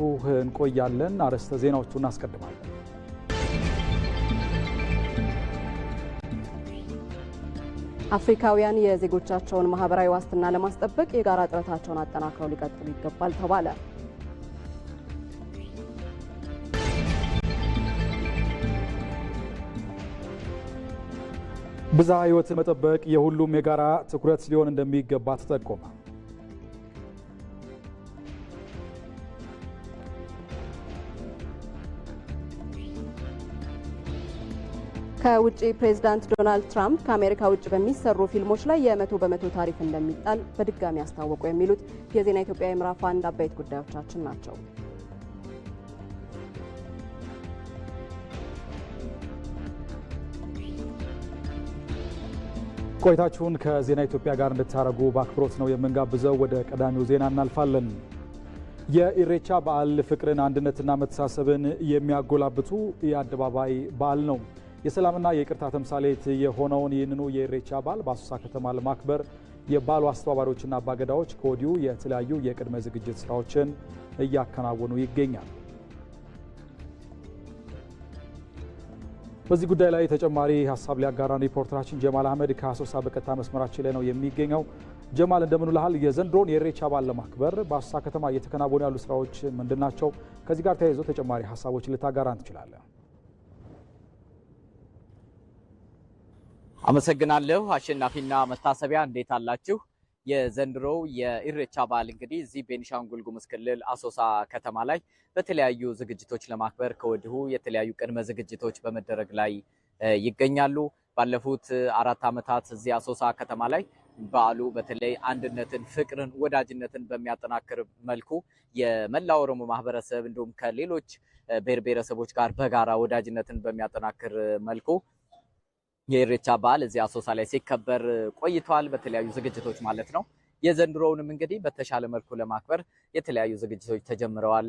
አብራችሁ እንቆያለን። አርዕስተ ዜናዎቹ እናስቀድማለን። አፍሪካውያን የዜጎቻቸውን ማህበራዊ ዋስትና ለማስጠበቅ የጋራ ጥረታቸውን አጠናክረው ሊቀጥሉ ይገባል ተባለ። ብዝሃ ህይወት መጠበቅ የሁሉም የጋራ ትኩረት ሊሆን እንደሚገባ ተጠቆመ። ከውጭ ፕሬዝዳንት ዶናልድ ትራምፕ ከአሜሪካ ውጭ በሚሰሩ ፊልሞች ላይ የመቶ በመቶ ታሪፍ እንደሚጣል በድጋሚ አስታወቁ። የሚሉት የዜና ኢትዮጵያ የምዕራፍ አንድ አበይት ጉዳዮቻችን ናቸው። ቆይታችሁን ከዜና ኢትዮጵያ ጋር እንድታደረጉ በአክብሮት ነው የምንጋብዘው። ወደ ቀዳሚው ዜና እናልፋለን። የኢሬቻ በዓል ፍቅርን፣ አንድነትና መተሳሰብን የሚያጎላብቱ የአደባባይ በዓል ነው። የሰላምና የቅርታ ተምሳሌት የሆነውን ይህንኑ የኢሬቻ በዓል በአሶሳ ከተማ ለማክበር የበዓሉ አስተባባሪዎችና አባገዳዎች ከወዲሁ የተለያዩ የቅድመ ዝግጅት ስራዎችን እያከናወኑ ይገኛል። በዚህ ጉዳይ ላይ ተጨማሪ ሀሳብ ሊያጋራን ሪፖርተራችን ጀማል አህመድ ከአሶሳ በቀጥታ መስመራችን ላይ ነው የሚገኘው። ጀማል እንደምን ውለሃል? የዘንድሮን የኢሬቻ በዓል ለማክበር በአሶሳ ከተማ እየተከናወኑ ያሉ ስራዎች ምንድን ናቸው? ከዚህ ጋር ተያይዞ ተጨማሪ ሀሳቦች ልታጋራን ትችላለህ? አመሰግናለሁ አሸናፊና መታሰቢያ፣ እንዴት አላችሁ? የዘንድሮው የኢሬቻ በዓል እንግዲህ እዚህ ቤኒሻንጉል ጉሙዝ ክልል አሶሳ ከተማ ላይ በተለያዩ ዝግጅቶች ለማክበር ከወዲሁ የተለያዩ ቅድመ ዝግጅቶች በመደረግ ላይ ይገኛሉ። ባለፉት አራት ዓመታት እዚህ አሶሳ ከተማ ላይ በዓሉ በተለይ አንድነትን፣ ፍቅርን፣ ወዳጅነትን በሚያጠናክር መልኩ የመላ ኦሮሞ ማህበረሰብ እንዲሁም ከሌሎች ብሔር ብሔረሰቦች ጋር በጋራ ወዳጅነትን በሚያጠናክር መልኩ የኢሬቻ በዓል እዚህ አሶሳ ላይ ሲከበር ቆይቷል፣ በተለያዩ ዝግጅቶች ማለት ነው። የዘንድሮውንም እንግዲህ በተሻለ መልኩ ለማክበር የተለያዩ ዝግጅቶች ተጀምረዋል።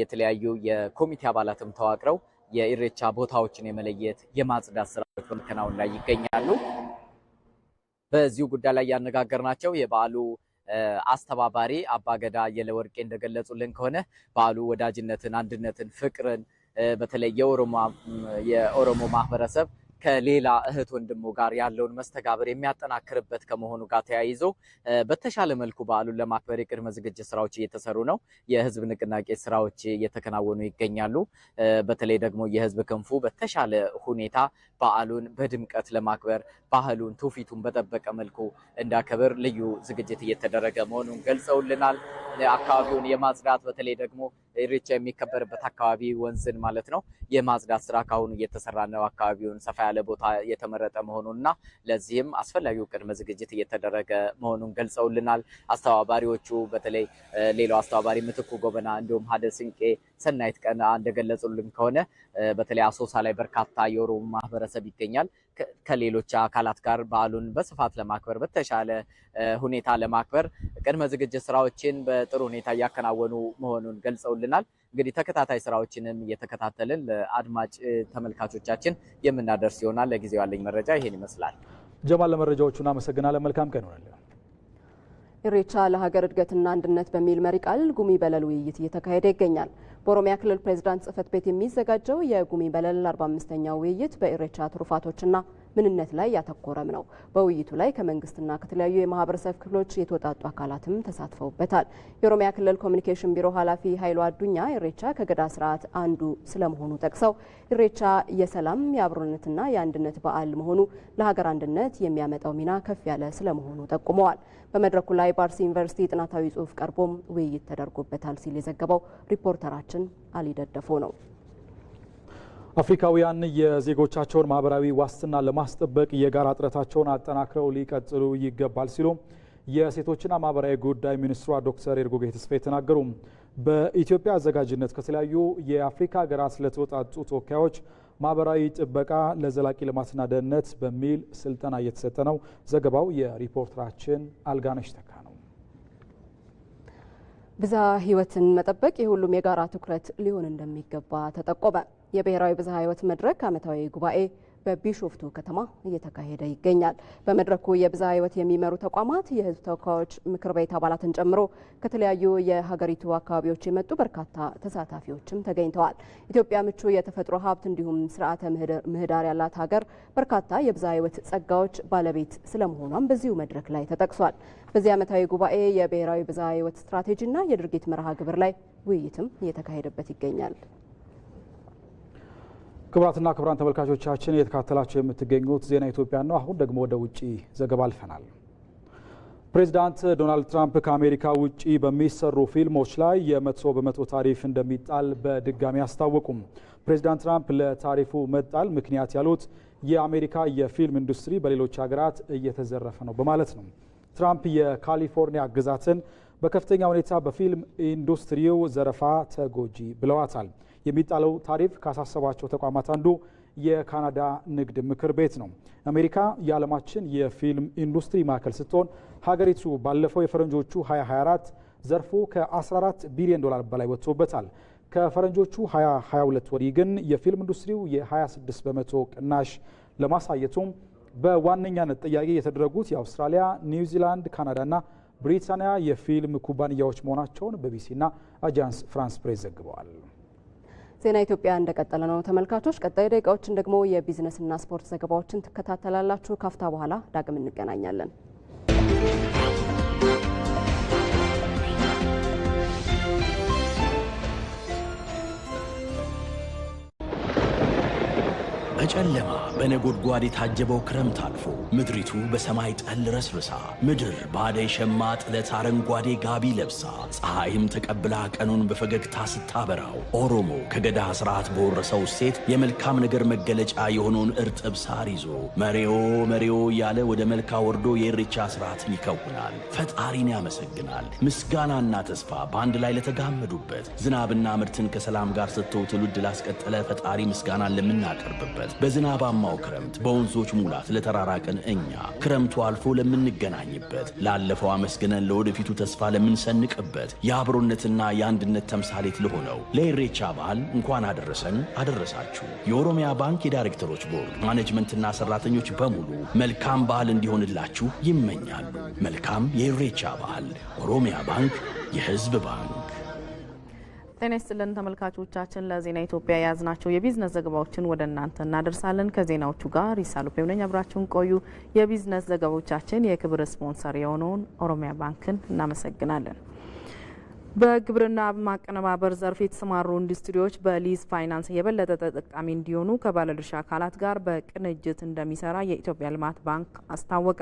የተለያዩ የኮሚቴ አባላትም ተዋቅረው የኢሬቻ ቦታዎችን የመለየት የማጽዳት ስራዎች በመከናወን ላይ ይገኛሉ። በዚሁ ጉዳይ ላይ ያነጋገርናቸው የበዓሉ አስተባባሪ አባገዳ የለወርቄ እንደገለጹልን ከሆነ በዓሉ ወዳጅነትን፣ አንድነትን፣ ፍቅርን በተለይ የኦሮሞ ማህበረሰብ ከሌላ እህት ወንድሙ ጋር ያለውን መስተጋብር የሚያጠናክርበት ከመሆኑ ጋር ተያይዞ በተሻለ መልኩ በዓሉን ለማክበር የቅድመ ዝግጅት ስራዎች እየተሰሩ ነው። የህዝብ ንቅናቄ ስራዎች እየተከናወኑ ይገኛሉ። በተለይ ደግሞ የህዝብ ክንፉ በተሻለ ሁኔታ በዓሉን በድምቀት ለማክበር ባህሉን፣ ትውፊቱን በጠበቀ መልኩ እንዳከብር ልዩ ዝግጅት እየተደረገ መሆኑን ገልጸውልናል። አካባቢውን የማጽዳት በተለይ ደግሞ ኢሬቻ የሚከበርበት አካባቢ ወንዝን ማለት ነው የማጽዳት ስራ ካሁን እየተሰራ ነው። አካባቢውን ሰፋ ያለ ቦታ የተመረጠ መሆኑን እና ለዚህም አስፈላጊው ቅድመ ዝግጅት እየተደረገ መሆኑን ገልጸውልናል። አስተባባሪዎቹ በተለይ ሌላው አስተባባሪ ምትኩ ጎበና እንዲሁም ሀደ ስንቄ ሰናይት ቀን እንደገለጹልን ከሆነ በተለይ አሶሳ ላይ በርካታ የኦሮሞ ማህበረሰብ ይገኛል። ከሌሎች አካላት ጋር በዓሉን በስፋት ለማክበር በተሻለ ሁኔታ ለማክበር ቅድመ ዝግጅት ስራዎችን በጥሩ ሁኔታ እያከናወኑ መሆኑን ገልጸውልናል። እንግዲህ ተከታታይ ስራዎችንም እየተከታተልን ለአድማጭ ተመልካቾቻችን የምናደርስ ይሆናል። ለጊዜው ያለኝ መረጃ ይሄን ይመስላል። ጀማል፣ ለመረጃዎቹ እናመሰግናለን። መልካም ቀን ይሆናል። ኢሬቻ ለሀገር እድገትና አንድነት በሚል መሪ ቃል ጉሚ በለል ውይይት እየተካሄደ ይገኛል። በኦሮሚያ ክልል ፕሬዝዳንት ጽህፈት ቤት የሚዘጋጀው የጉሚ በለል 45ኛው ውይይት በኢሬቻ ትሩፋቶችና ምንነት ላይ ያተኮረም ነው። በውይይቱ ላይ ከመንግስትና ከተለያዩ የማህበረሰብ ክፍሎች የተወጣጡ አካላትም ተሳትፈውበታል። የኦሮሚያ ክልል ኮሚኒኬሽን ቢሮ ኃላፊ ኃይሉ አዱኛ ኢሬቻ ከገዳ ስርዓት አንዱ ስለመሆኑ ጠቅሰው ኢሬቻ የሰላም የአብሮነትና የአንድነት በዓል መሆኑ ለሀገር አንድነት የሚያመጣው ሚና ከፍ ያለ ስለመሆኑ ጠቁመዋል። በመድረኩ ላይ ባርሲ ዩኒቨርሲቲ ጥናታዊ ጽሑፍ ቀርቦም ውይይት ተደርጎበታል ሲል የዘገበው ሪፖርተራችን አሊ ደደፎ ነው። አፍሪካውያን የዜጎቻቸውን ማህበራዊ ዋስትና ለማስጠበቅ የጋራ ጥረታቸውን አጠናክረው ሊቀጥሉ ይገባል ሲሉ የሴቶችና ማህበራዊ ጉዳይ ሚኒስትሯ ዶክተር ኤርጎጌ ተስፋዬ ተናገሩ። በኢትዮጵያ አዘጋጅነት ከተለያዩ የአፍሪካ ሀገራት ለተወጣጡ ተወካዮች ማህበራዊ ጥበቃ ለዘላቂ ልማትና ደህንነት በሚል ስልጠና እየተሰጠ ነው። ዘገባው የሪፖርተራችን አልጋነሽ ተካ ነው። ብዝሃ ህይወትን መጠበቅ የሁሉም የጋራ ትኩረት ሊሆን እንደሚገባ ተጠቆመ። የብሔራዊ ብዝሃ ህይወት መድረክ ዓመታዊ ጉባኤ በቢሾፍቱ ከተማ እየተካሄደ ይገኛል። በመድረኩ የብዝሃ ህይወት የሚመሩ ተቋማት የህዝብ ተወካዮች ምክር ቤት አባላትን ጨምሮ ከተለያዩ የሀገሪቱ አካባቢዎች የመጡ በርካታ ተሳታፊዎችም ተገኝተዋል። ኢትዮጵያ ምቹ የተፈጥሮ ሀብት እንዲሁም ስርዓተ ምህዳር ያላት ሀገር በርካታ የብዝሃ ህይወት ጸጋዎች ባለቤት ስለመሆኗም በዚሁ መድረክ ላይ ተጠቅሷል። በዚህ ዓመታዊ ጉባኤ የብሔራዊ ብዝሃ ህይወት ስትራቴጂና የድርጊት መርሃ ግብር ላይ ውይይትም እየተካሄደበት ይገኛል። ክቡራትና ክቡራን ተመልካቾቻችን እየተካተላቸው የምትገኙት ዜና ኢትዮጵያ ነው። አሁን ደግሞ ወደ ውጭ ዘገባ አልፈናል። ፕሬዚዳንት ዶናልድ ትራምፕ ከአሜሪካ ውጭ በሚሰሩ ፊልሞች ላይ የመቶ በመቶ ታሪፍ እንደሚጣል በድጋሚ አስታወቁም። ፕሬዚዳንት ትራምፕ ለታሪፉ መጣል ምክንያት ያሉት የአሜሪካ የፊልም ኢንዱስትሪ በሌሎች ሀገራት እየተዘረፈ ነው በማለት ነው። ትራምፕ የካሊፎርኒያ ግዛትን በከፍተኛ ሁኔታ በፊልም ኢንዱስትሪው ዘረፋ ተጎጂ ብለዋታል። የሚጣለው ታሪፍ ካሳሰባቸው ተቋማት አንዱ የካናዳ ንግድ ምክር ቤት ነው። አሜሪካ የዓለማችን የፊልም ኢንዱስትሪ ማዕከል ስትሆን ሀገሪቱ ባለፈው የፈረንጆቹ 2024 ዘርፉ ከ14 ቢሊዮን ዶላር በላይ ወጥቶበታል። ከፈረንጆቹ 2022 ወዲህ ግን የፊልም ኢንዱስትሪው የ26 በመቶ ቅናሽ ለማሳየቱም በዋነኛነት ጥያቄ የተደረጉት የአውስትራሊያ፣ ኒውዚላንድ፣ ካናዳና ብሪታንያ የፊልም ኩባንያዎች መሆናቸውን ቢቢሲና አጃንስ ፍራንስ ፕሬስ ዘግበዋል። ዜና ኢትዮጵያ እንደቀጠለ ነው ተመልካቾች። ቀጣይ ደቂቃዎችን ደግሞ የቢዝነስና ስፖርት ዘገባዎችን ትከታተላላችሁ። ካፍታ በኋላ ዳግም እንገናኛለን። ጨለማ በነጎድጓድ የታጀበው ክረምት አልፎ ምድሪቱ በሰማይ ጠል ረስርሳ ምድር ባደ ሸማ ጥለት አረንጓዴ ጋቢ ለብሳ ፀሐይም ተቀብላ ቀኑን በፈገግታ ስታበራው ኦሮሞ ከገዳ ስርዓት በወረሰው ሴት የመልካም ነገር መገለጫ የሆነውን እርጥብ ሳር ይዞ መሬዎ መሬዎ እያለ ወደ መልካ ወርዶ የእሬቻ ስርዓትን ይከውናል። ፈጣሪን ያመሰግናል። ምስጋናና ተስፋ በአንድ ላይ ለተጋመዱበት ዝናብና ምርትን ከሰላም ጋር ሰጥቶ ትውልድ ላስቀጠለ ፈጣሪ ምስጋናን ለምናቀርብበት በዝናባማው ክረምት በወንዞች ሙላት ለተራራቅን እኛ ክረምቱ አልፎ ለምንገናኝበት ላለፈው አመስግነን ለወደፊቱ ተስፋ ለምንሰንቅበት የአብሮነትና የአንድነት ተምሳሌት ለሆነው ለኢሬቻ በዓል እንኳን አደረሰን አደረሳችሁ። የኦሮሚያ ባንክ የዳይሬክተሮች ቦርድ ማኔጅመንትና ሰራተኞች በሙሉ መልካም በዓል እንዲሆንላችሁ ይመኛሉ። መልካም የኢሬቻ በዓል። ኦሮሚያ ባንክ የህዝብ ባንክ ጤና ይስጥልን ተመልካቾቻችን፣ ለዜና ኢትዮጵያ የያዝናቸው የቢዝነስ ዘገባዎችን ወደ እናንተ እናደርሳለን። ከዜናዎቹ ጋር ይሳሉ ፔምነኝ አብራችሁን ቆዩ። የቢዝነስ ዘገባዎቻችን የክብር ስፖንሰር የሆነውን ኦሮሚያ ባንክን እናመሰግናለን። በግብርና ማቀነባበር ዘርፍ የተሰማሩ ኢንዱስትሪዎች በሊዝ ፋይናንስ የበለጠ ተጠቃሚ እንዲሆኑ ከባለድርሻ አካላት ጋር በቅንጅት እንደሚሰራ የኢትዮጵያ ልማት ባንክ አስታወቀ።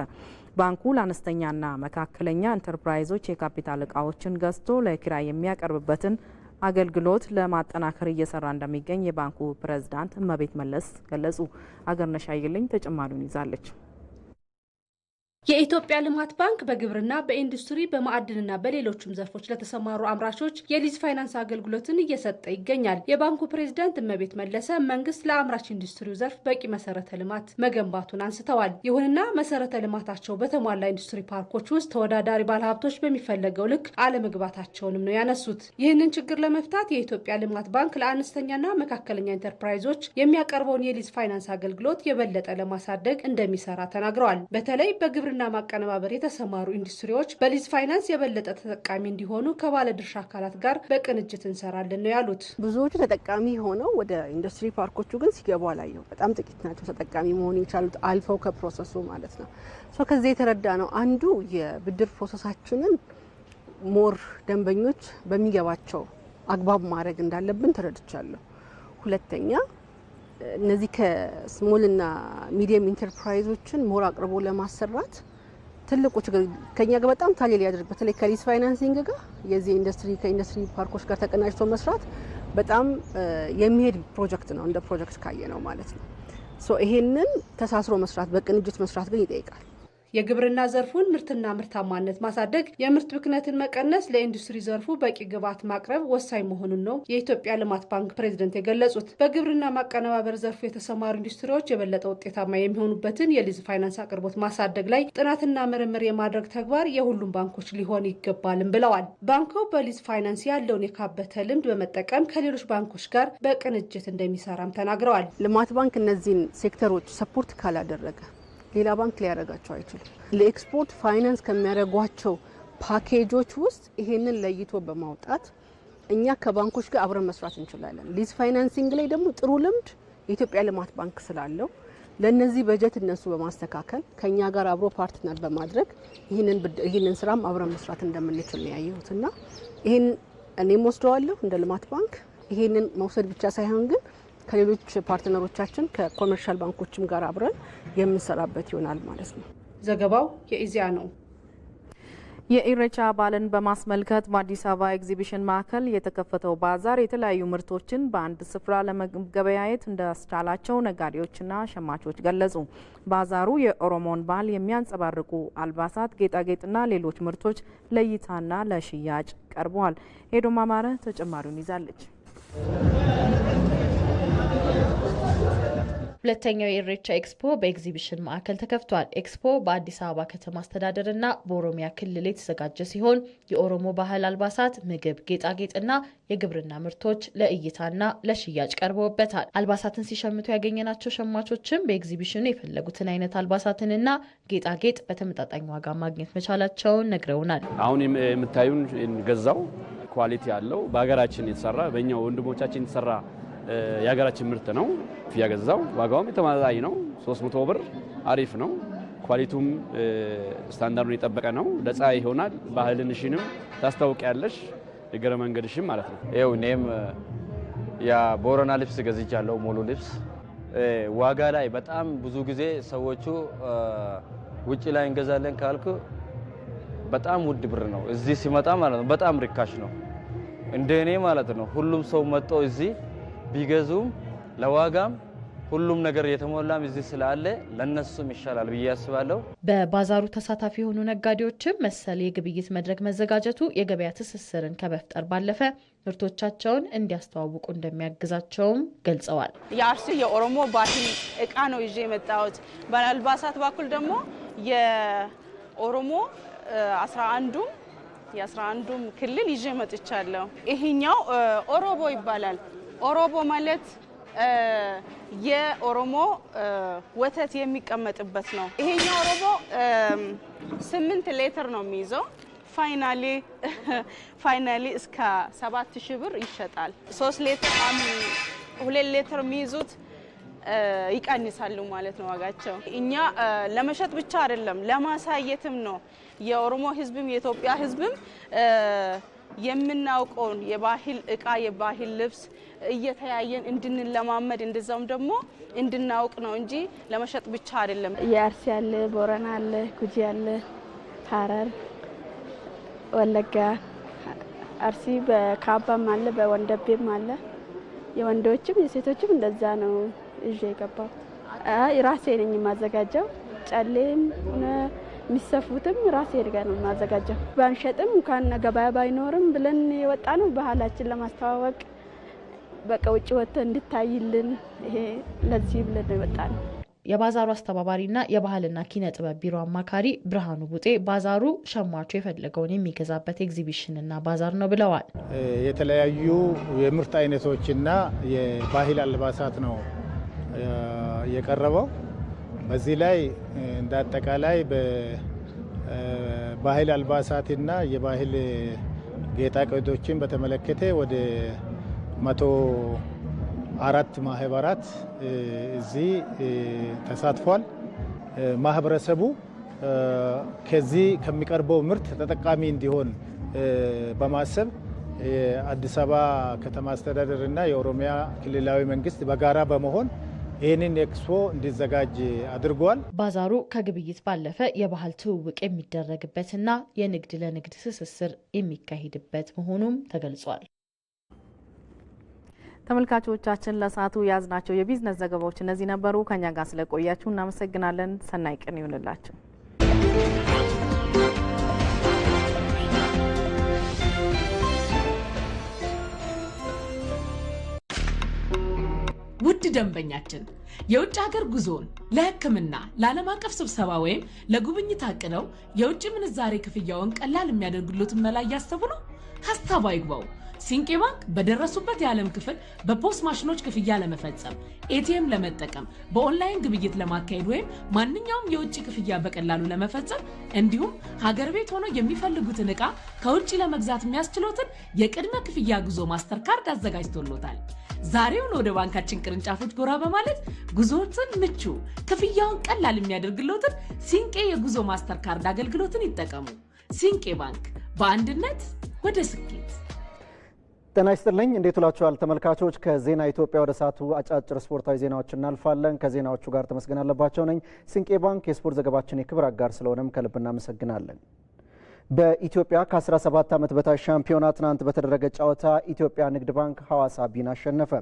ባንኩ ለአነስተኛና መካከለኛ ኢንተርፕራይዞች የካፒታል እቃዎችን ገዝቶ ለኪራይ የሚያቀርብበትን አገልግሎት ለማጠናከር እየሰራ እንደሚገኝ የባንኩ ፕሬዝዳንት እመቤት መለስ ገለጹ። አገርነሽ አየልኝ ተጨማሪውን ይዛለች። የኢትዮጵያ ልማት ባንክ በግብርና በኢንዱስትሪ በማዕድንና በሌሎችም ዘርፎች ለተሰማሩ አምራቾች የሊዝ ፋይናንስ አገልግሎትን እየሰጠ ይገኛል። የባንኩ ፕሬዚዳንት እመቤት መለሰ መንግስት ለአምራች ኢንዱስትሪው ዘርፍ በቂ መሰረተ ልማት መገንባቱን አንስተዋል። ይሁንና መሰረተ ልማታቸው በተሟላ ኢንዱስትሪ ፓርኮች ውስጥ ተወዳዳሪ ባለሀብቶች በሚፈለገው ልክ አለመግባታቸውንም ነው ያነሱት። ይህንን ችግር ለመፍታት የኢትዮጵያ ልማት ባንክ ለአነስተኛና መካከለኛ ኢንተርፕራይዞች የሚያቀርበውን የሊዝ ፋይናንስ አገልግሎት የበለጠ ለማሳደግ እንደሚሰራ ተናግረዋል። በተለይ በግብር በግብርና ማቀነባበር የተሰማሩ ኢንዱስትሪዎች በሊዝ ፋይናንስ የበለጠ ተጠቃሚ እንዲሆኑ ከባለድርሻ አካላት ጋር በቅንጅት እንሰራለን ነው ያሉት። ብዙዎቹ ተጠቃሚ ሆነው ወደ ኢንዱስትሪ ፓርኮቹ ግን ሲገቡ አላየው። በጣም ጥቂት ናቸው ተጠቃሚ መሆን የቻሉት አልፈው ከፕሮሰሱ ማለት ነው። ከዚህ የተረዳ ነው አንዱ የብድር ፕሮሰሳችንን ሞር ደንበኞች በሚገባቸው አግባብ ማድረግ እንዳለብን ተረድቻለሁ። ሁለተኛ እነዚህ ከስሞል ና ሚዲየም ኢንተርፕራይዞችን ሞር አቅርቦ ለማሰራት ትልቁ ችግር ከኛ ጋር በጣም ታሌ ሊያደርግ በተለይ ከሊስ ፋይናንሲንግ ጋር የዚህ ኢንዱስትሪ ከኢንዱስትሪ ፓርኮች ጋር ተቀናጅቶ መስራት በጣም የሚሄድ ፕሮጀክት ነው፣ እንደ ፕሮጀክት ካየ ነው ማለት ነው። ይሄንን ተሳስሮ መስራት በቅንጅት መስራት ግን ይጠይቃል። የግብርና ዘርፉን ምርትና ምርታማነት ማሳደግ፣ የምርት ብክነትን መቀነስ፣ ለኢንዱስትሪ ዘርፉ በቂ ግብዓት ማቅረብ ወሳኝ መሆኑን ነው የኢትዮጵያ ልማት ባንክ ፕሬዚደንት የገለጹት። በግብርና ማቀነባበር ዘርፉ የተሰማሩ ኢንዱስትሪዎች የበለጠ ውጤታማ የሚሆኑበትን የሊዝ ፋይናንስ አቅርቦት ማሳደግ ላይ ጥናትና ምርምር የማድረግ ተግባር የሁሉም ባንኮች ሊሆን ይገባልም ብለዋል። ባንኩ በሊዝ ፋይናንስ ያለውን የካበተ ልምድ በመጠቀም ከሌሎች ባንኮች ጋር በቅንጅት እንደሚሰራም ተናግረዋል። ልማት ባንክ እነዚህን ሴክተሮች ሰፖርት ካላደረገ ሌላ ባንክ ሊያደርጋቸው አይችልም። ለኤክስፖርት ፋይናንስ ከሚያደርጓቸው ፓኬጆች ውስጥ ይሄንን ለይቶ በማውጣት እኛ ከባንኮች ጋር አብረን መስራት እንችላለን። ሊዝ ፋይናንሲንግ ላይ ደግሞ ጥሩ ልምድ የኢትዮጵያ ልማት ባንክ ስላለው ለእነዚህ በጀት እነሱ በማስተካከል ከእኛ ጋር አብሮ ፓርትነር በማድረግ ይህንን ስራም አብረን መስራት እንደምንችል ነው ያየሁት እና ይህን እኔም ወስደዋለሁ እንደ ልማት ባንክ ይህንን መውሰድ ብቻ ሳይሆን ግን ከሌሎች ፓርትነሮቻችን ከኮመርሻል ባንኮችም ጋር አብረን የምንሰራበት ይሆናል ማለት ነው። ዘገባው የኢዜአ ነው። የኢሬቻ በዓልን በማስመልከት በአዲስ አበባ ኤግዚቢሽን ማዕከል የተከፈተው ባዛር የተለያዩ ምርቶችን በአንድ ስፍራ ለመገበያየት እንዳስቻላቸው ነጋዴዎችና ሸማቾች ገለጹ። ባዛሩ የኦሮሞን ባህል የሚያንጸባርቁ አልባሳት፣ ጌጣጌጥና ሌሎች ምርቶች ለእይታና ለሽያጭ ቀርበዋል። ሄዶም አማረ ተጨማሪውን ይዛለች። ሁለተኛው የኢሬቻ ኤክስፖ በኤግዚቢሽን ማዕከል ተከፍቷል። ኤክስፖ በአዲስ አበባ ከተማ አስተዳደር እና በኦሮሚያ ክልል የተዘጋጀ ሲሆን የኦሮሞ ባህል አልባሳት፣ ምግብ፣ ጌጣጌጥና የግብርና ምርቶች ለእይታና ለሽያጭ ቀርበውበታል። አልባሳትን ሲሸምቱ ያገኘናቸው ሸማቾችም በኤግዚቢሽኑ የፈለጉትን አይነት አልባሳትንና ጌጣጌጥ በተመጣጣኝ ዋጋ ማግኘት መቻላቸውን ነግረውናል። አሁን የምታዩን ገዛው ኳሊቲ ያለው በሀገራችን የተሰራ በእኛ ወንድሞቻችን የተሰራ የሀገራችን ምርት ነው። ያገዛው ዋጋውም የተመጣጣኝ ነው። 300 ብር አሪፍ ነው። ኳሊቲውም ስታንዳርዱን የጠበቀ ነው። ለፀሐይ ይሆናል። ባህልንሽንም ታስታውቂያለሽ፣ እግረ መንገድሽም ማለት ነው። ይኸው እኔም የቦረና ልብስ ገዝቻለሁ። ሙሉ ልብስ ዋጋ ላይ በጣም ብዙ ጊዜ ሰዎቹ ውጭ ላይ እንገዛለን ካልኩ በጣም ውድ ብር ነው። እዚህ ሲመጣ ማለት ነው በጣም ርካሽ ነው። እንደ እኔ ማለት ነው ሁሉም ሰው መጥቶ እዚህ ቢገዙም ለዋጋም ሁሉም ነገር የተሞላም እዚህ ስላለ ለነሱም ይሻላል ብዬ አስባለሁ። በባዛሩ ተሳታፊ የሆኑ ነጋዴዎችም መሰል የግብይት መድረክ መዘጋጀቱ የገበያ ትስስርን ከመፍጠር ባለፈ ምርቶቻቸውን እንዲያስተዋውቁ እንደሚያግዛቸውም ገልጸዋል። የአርሲ የኦሮሞ ባህል እቃ ነው ይዤ የመጣሁት። በአልባሳት በኩል ደግሞ የኦሮሞ አስራ አንዱም የአስራ አንዱም ክልል ይዤ መጥቻለሁ። ይሄኛው ኦሮቦ ይባላል። ኦሮቦ ማለት የኦሮሞ ወተት የሚቀመጥበት ነው። ይሄኛው ኦሮቦ ስምንት ሌትር ነው የሚይዘው። ፋይናሊ ፋይናሊ እስከ ሰባት ሺህ ብር ይሸጣል። ሶስት ሌትር ሁለት ሌትር የሚይዙት ይቀንሳሉ ማለት ነው ዋጋቸው። እኛ ለመሸጥ ብቻ አይደለም ለማሳየትም ነው። የኦሮሞ ህዝብም የኢትዮጵያ ህዝብም የምናውቀውን የባህል እቃ የባህል ልብስ እየተያየን እንድንለማመድ እንደዛውም ደግሞ እንድናውቅ ነው እንጂ ለመሸጥ ብቻ አይደለም። የአርሲ አለ፣ ቦረና አለ፣ ጉጂ አለ፣ ሀረር፣ ወለጋ፣ አርሲ በካባም አለ፣ በወንደቤም አለ። የወንዶችም የሴቶችም እንደዛ ነው ይዤ የገባው ራሴ ነኝ የማዘጋጀው ጨሌም የሚሰፉትም ራሴ ድጋ ነው የማዘጋጀው። ባንሸጥም እንኳን ገበያ ባይኖርም ብለን የወጣ ነው ባህላችን ለማስተዋወቅ በቃ ውጭ ወጥተን እንድታይልን ይሄ ለዚህ ብለን ነው የመጣ ነው። የባዛሩ አስተባባሪና የባህልና ኪነ ጥበብ ቢሮ አማካሪ ብርሃኑ ቡጤ ባዛሩ ሸማቹ የፈለገውን የሚገዛበት ኤግዚቢሽንና ባዛር ነው ብለዋል። የተለያዩ የምርት አይነቶችና የባህል አልባሳት ነው የቀረበው። በዚህ ላይ እንደ አጠቃላይ በባህል አልባሳትና የባህል ጌጣጌጦችን በተመለከተ ወደ መቶ አራት ማህበራት እዚህ ተሳትፏል። ማህበረሰቡ ከዚህ ከሚቀርበው ምርት ተጠቃሚ እንዲሆን በማሰብ የአዲስ አበባ ከተማ አስተዳደር እና የኦሮሚያ ክልላዊ መንግስት በጋራ በመሆን ይህንን ኤክስፖ እንዲዘጋጅ አድርጓል። ባዛሩ ከግብይት ባለፈ የባህል ትውውቅ የሚደረግበትና የንግድ ለንግድ ትስስር የሚካሄድበት መሆኑም ተገልጿል። ተመልካቾቻችን ለሰዓቱ የያዝናቸው የቢዝነስ ዘገባዎች እነዚህ ነበሩ። ከኛ ጋር ስለቆያችሁ እናመሰግናለን። ሰናይ ቀን ይሁንላችሁ። ውድ ደንበኛችን የውጭ ሀገር ጉዞን ለሕክምና፣ ለዓለም አቀፍ ስብሰባ ወይም ለጉብኝት አቅደው የውጭ ምንዛሬ ክፍያውን ቀላል የሚያደርግሎትን መላ እያሰቡ ነው? ሀሳብ አይግባው። ሲንቄ ባንክ በደረሱበት የዓለም ክፍል በፖስት ማሽኖች ክፍያ ለመፈጸም፣ ኤቲኤም ለመጠቀም፣ በኦንላይን ግብይት ለማካሄድ ወይም ማንኛውም የውጭ ክፍያ በቀላሉ ለመፈጸም እንዲሁም ሀገር ቤት ሆኖ የሚፈልጉትን ዕቃ ከውጭ ለመግዛት የሚያስችሎትን የቅድመ ክፍያ ጉዞ ማስተር ካርድ አዘጋጅቶሎታል። ዛሬውን ወደ ባንካችን ቅርንጫፎች ጎራ በማለት ጉዞትን ምቹ፣ ክፍያውን ቀላል የሚያደርግሎትን ሲንቄ የጉዞ ማስተር ካርድ አገልግሎትን ይጠቀሙ። ሲንቄ ባንክ በአንድነት ወደ ስኬት ጤና ይስጥልኝ። እንዴት ውላችኋል ተመልካቾች? ከዜና ኢትዮጵያ ወደ ሰዓቱ አጫጭር ስፖርታዊ ዜናዎች እናልፋለን። ከዜናዎቹ ጋር ተመስገን አለባቸው ነኝ። ስንቄ ባንክ የስፖርት ዘገባችን የክብር አጋር ስለሆነም ከልብ እናመሰግናለን። በኢትዮጵያ ከ17 ዓመት በታች ሻምፒዮና ትናንት በተደረገ ጨዋታ ኢትዮጵያ ንግድ ባንክ ሐዋሳ ቢን አሸነፈ።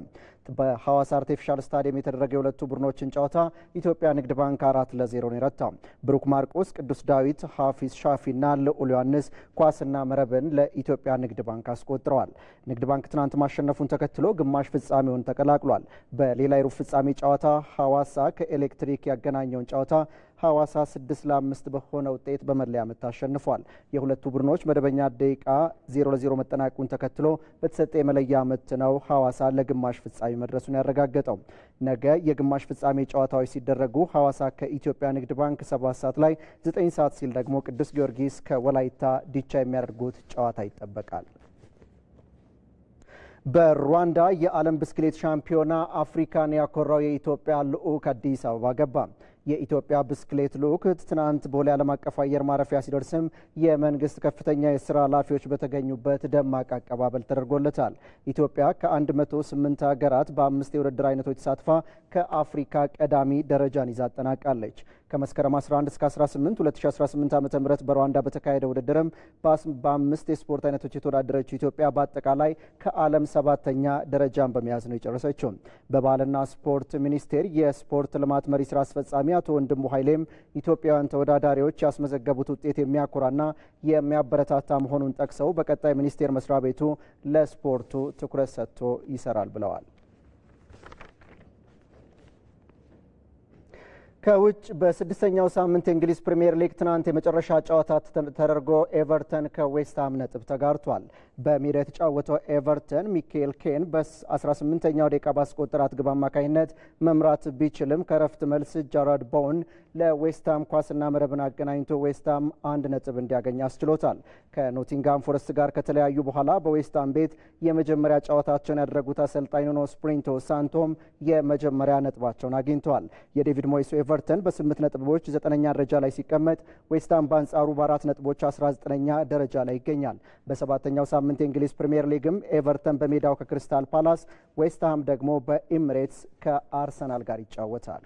በሐዋሳ አርቲፊሻል ስታዲየም የተደረገ የሁለቱ ቡድኖችን ጨዋታ ኢትዮጵያ ንግድ ባንክ አራት ለዜሮ ነው የረታ። ብሩክ ማርቆስ፣ ቅዱስ ዳዊት፣ ሐፊዝ ሻፊና ልዑል ዮሐንስ ኳስና መረብን ለኢትዮጵያ ንግድ ባንክ አስቆጥረዋል። ንግድ ባንክ ትናንት ማሸነፉን ተከትሎ ግማሽ ፍጻሜውን ተቀላቅሏል። በሌላ የሩብ ፍጻሜ ጨዋታ ሐዋሳ ከኤሌክትሪክ ያገናኘውን ጨዋታ ሐዋሳ 6 ለ5 በሆነ ውጤት በመለያ ምት አሸንፏል። የሁለቱ ቡድኖች መደበኛ ደቂቃ 0 ለ0 መጠናቀቁን ተከትሎ በተሰጠ የመለያ ምት ነው ሐዋሳ ለግማሽ ፍጻሜ መድረሱን ያረጋገጠው። ነገ የግማሽ ፍጻሜ ጨዋታዎች ሲደረጉ ሐዋሳ ከኢትዮጵያ ንግድ ባንክ 7 ሰዓት ላይ፣ 9 ሰዓት ሲል ደግሞ ቅዱስ ጊዮርጊስ ከወላይታ ዲቻ የሚያደርጉት ጨዋታ ይጠበቃል። በሩዋንዳ የዓለም ብስክሌት ሻምፒዮና አፍሪካን ያኮራው የኢትዮጵያ ልዑክ አዲስ አበባ ገባ። የኢትዮጵያ ብስክሌት ልዑክት ትናንት ቦሌ ዓለም አቀፍ አየር ማረፊያ ሲደርስም የመንግስት ከፍተኛ የስራ ኃላፊዎች በተገኙበት ደማቅ አቀባበል ተደርጎለታል። ኢትዮጵያ ከ108 ሀገራት በአምስት የውድድር አይነቶች ተሳትፋ ከአፍሪካ ቀዳሚ ደረጃን ይዛ አጠናቃለች። ከመስከረም 11 እስከ 18 2018 ዓ ም በሩዋንዳ በተካሄደ ውድድርም በአምስት የስፖርት አይነቶች የተወዳደረችው ኢትዮጵያ በአጠቃላይ ከዓለም ሰባተኛ ደረጃን በመያዝ ነው የጨረሰችው። በባህልና ስፖርት ሚኒስቴር የስፖርት ልማት መሪ ስራ አስፈጻሚ አቶ ወንድሙ ኃይሌም ኢትዮጵያውያን ተወዳዳሪዎች ያስመዘገቡት ውጤት የሚያኮራና የሚያበረታታ መሆኑን ጠቅሰው በቀጣይ ሚኒስቴር መስሪያ ቤቱ ለስፖርቱ ትኩረት ሰጥቶ ይሰራል ብለዋል። ከውጭ በስድስተኛው ሳምንት የእንግሊዝ ፕሪምየር ሊግ ትናንት የመጨረሻ ጨዋታ ተደርጎ ኤቨርተን ከዌስትሃም ነጥብ ተጋርቷል። በሜዳ የተጫወተው ኤቨርተን ሚካኤል ኬን በ18ኛው ደቂቃ ባስቆጠራት ግብ አማካኝነት መምራት ቢችልም ከረፍት መልስ ጃራድ ቦውን ለዌስትሃም ኳስና መረብን አገናኝቶ ዌስትሃም አንድ ነጥብ እንዲያገኝ አስችሎታል። ከኖቲንጋም ፎረስት ጋር ከተለያዩ በኋላ በዌስትሃም ቤት የመጀመሪያ ጨዋታቸውን ያደረጉት አሰልጣኝ ኑኖ ስፕሪንቶ ሳንቶም የመጀመሪያ ነጥባቸውን አግኝተዋል። የዴቪድ ሞይስ ኤቨርተን በ8 ነጥቦች ዘጠነኛ ደረጃ ላይ ሲቀመጥ ዌስትሃም በአንጻሩ በአራት ነጥቦች 19ኛ ደረጃ ላይ ይገኛል። በሰባተኛው ሳምንት የእንግሊዝ ፕሪምየር ሊግም ኤቨርተን በሜዳው ከክሪስታል ፓላስ፣ ዌስትሃም ደግሞ በኢምሬትስ ከአርሰናል ጋር ይጫወታል።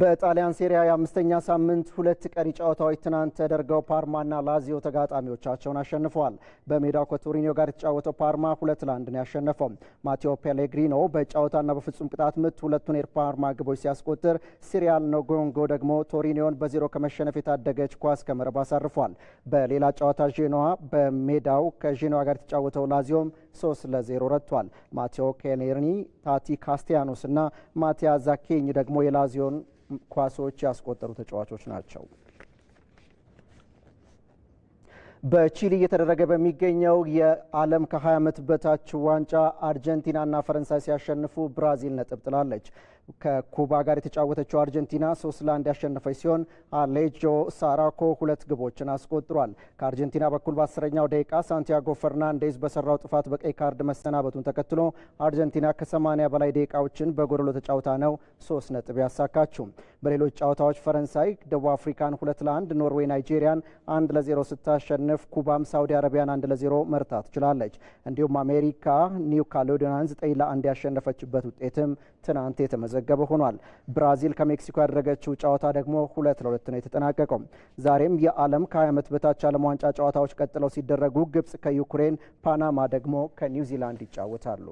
በጣሊያን ሴሪያ የአምስተኛ ሳምንት ሁለት ቀሪ ጨዋታዎች ትናንት ተደርገው ፓርማና ላዚዮ ተጋጣሚዎቻቸውን አሸንፈዋል። በሜዳው ከቶሪኒዮ ጋር የተጫወተው ፓርማ ሁለት ለአንድ ነው ያሸነፈው። ማቴዎ ፔሌግሪኖ በጨዋታና በፍጹም ቅጣት ምት ሁለቱን የፓርማ ግቦች ሲያስቆጥር፣ ሲሪያል ኖጎንጎ ደግሞ ቶሪኒዮን በዜሮ ከመሸነፍ የታደገች ኳስ ከመረብ አሳርፏል። በሌላ ጨዋታ ዤኖዋ በሜዳው ከዤኖዋ ጋር የተጫወተው ላዚዮም ሶስት ለዜሮ ረቷል። ማቴዎ ኬኔርኒ፣ ታቲ ካስቲያኖስ እና ማቲያ ዛኬኝ ደግሞ የላዚዮን ኳሶች ያስቆጠሩ ተጫዋቾች ናቸው። በቺሊ እየተደረገ በሚገኘው የዓለም ከ20 ዓመት በታች ዋንጫ አርጀንቲናና ፈረንሳይ ሲያሸንፉ ብራዚል ነጥብ ጥላለች። ከኩባ ጋር የተጫወተችው አርጀንቲና ሶስት ለአንድ ያሸነፈች ሲሆን አሌጆ ሳራኮ ሁለት ግቦችን አስቆጥሯል። ከአርጀንቲና በኩል በአስረኛው ደቂቃ ሳንቲያጎ ፈርናንዴዝ በሰራው ጥፋት በቀይ ካርድ መሰናበቱን ተከትሎ አርጀንቲና ከሰማኒያ በላይ ደቂቃዎችን በጎደሎ ተጫውታ ነው ሶስት ነጥብ ያሳካችው። በሌሎች ጨዋታዎች ፈረንሳይ ደቡብ አፍሪካን ሁለት ለአንድ፣ ኖርዌይ ናይጄሪያን አንድ ለዜሮ ስታሸንፍ ኩባም ሳውዲ አረቢያን አንድ ለዜሮ መርታት ችላለች። እንዲሁም አሜሪካ ኒው ካሌዶኒያን ዘጠኝ ለአንድ ያሸነፈችበት ውጤትም ትናንት የተመዘ የተዘገበ ሆኗል። ብራዚል ከሜክሲኮ ያደረገችው ጨዋታ ደግሞ ሁለት ለሁለት ነው የተጠናቀቀው። ዛሬም የዓለም ከ20 ዓመት በታች ዓለም ዋንጫ ጨዋታዎች ቀጥለው ሲደረጉ ግብጽ ከዩክሬን፣ ፓናማ ደግሞ ከኒውዚላንድ ይጫወታሉ።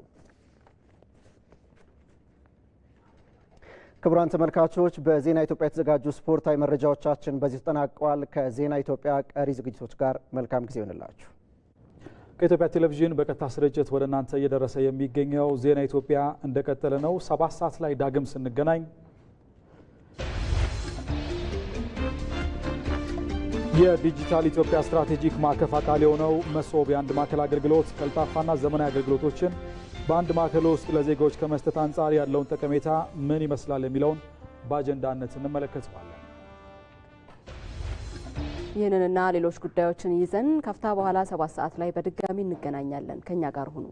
ክቡራን ተመልካቾች በዜና ኢትዮጵያ የተዘጋጁ ስፖርታዊ መረጃዎቻችን በዚህ ተጠናቀዋል። ከዜና ኢትዮጵያ ቀሪ ዝግጅቶች ጋር መልካም ጊዜ ይሆንላችሁ። ከኢትዮጵያ ቴሌቪዥን በቀጥታ ስርጭት ወደ እናንተ እየደረሰ የሚገኘው ዜና ኢትዮጵያ እንደቀጠለ ነው። ሰባት ሰዓት ላይ ዳግም ስንገናኝ የዲጂታል ኢትዮጵያ ስትራቴጂክ ማዕከፍ አካል የሆነው መሶብ የአንድ ማዕከል አገልግሎት ቀልጣፋና ዘመናዊ አገልግሎቶችን በአንድ ማዕከል ውስጥ ለዜጋዎች ከመስጠት አንጻር ያለውን ጠቀሜታ ምን ይመስላል የሚለውን በአጀንዳነት እንመለከተዋለን። ይህንንና ሌሎች ጉዳዮችን ይዘን ከፍታ በኋላ ሰባት ሰዓት ላይ በድጋሚ እንገናኛለን። ከኛ ጋር ሁኑ።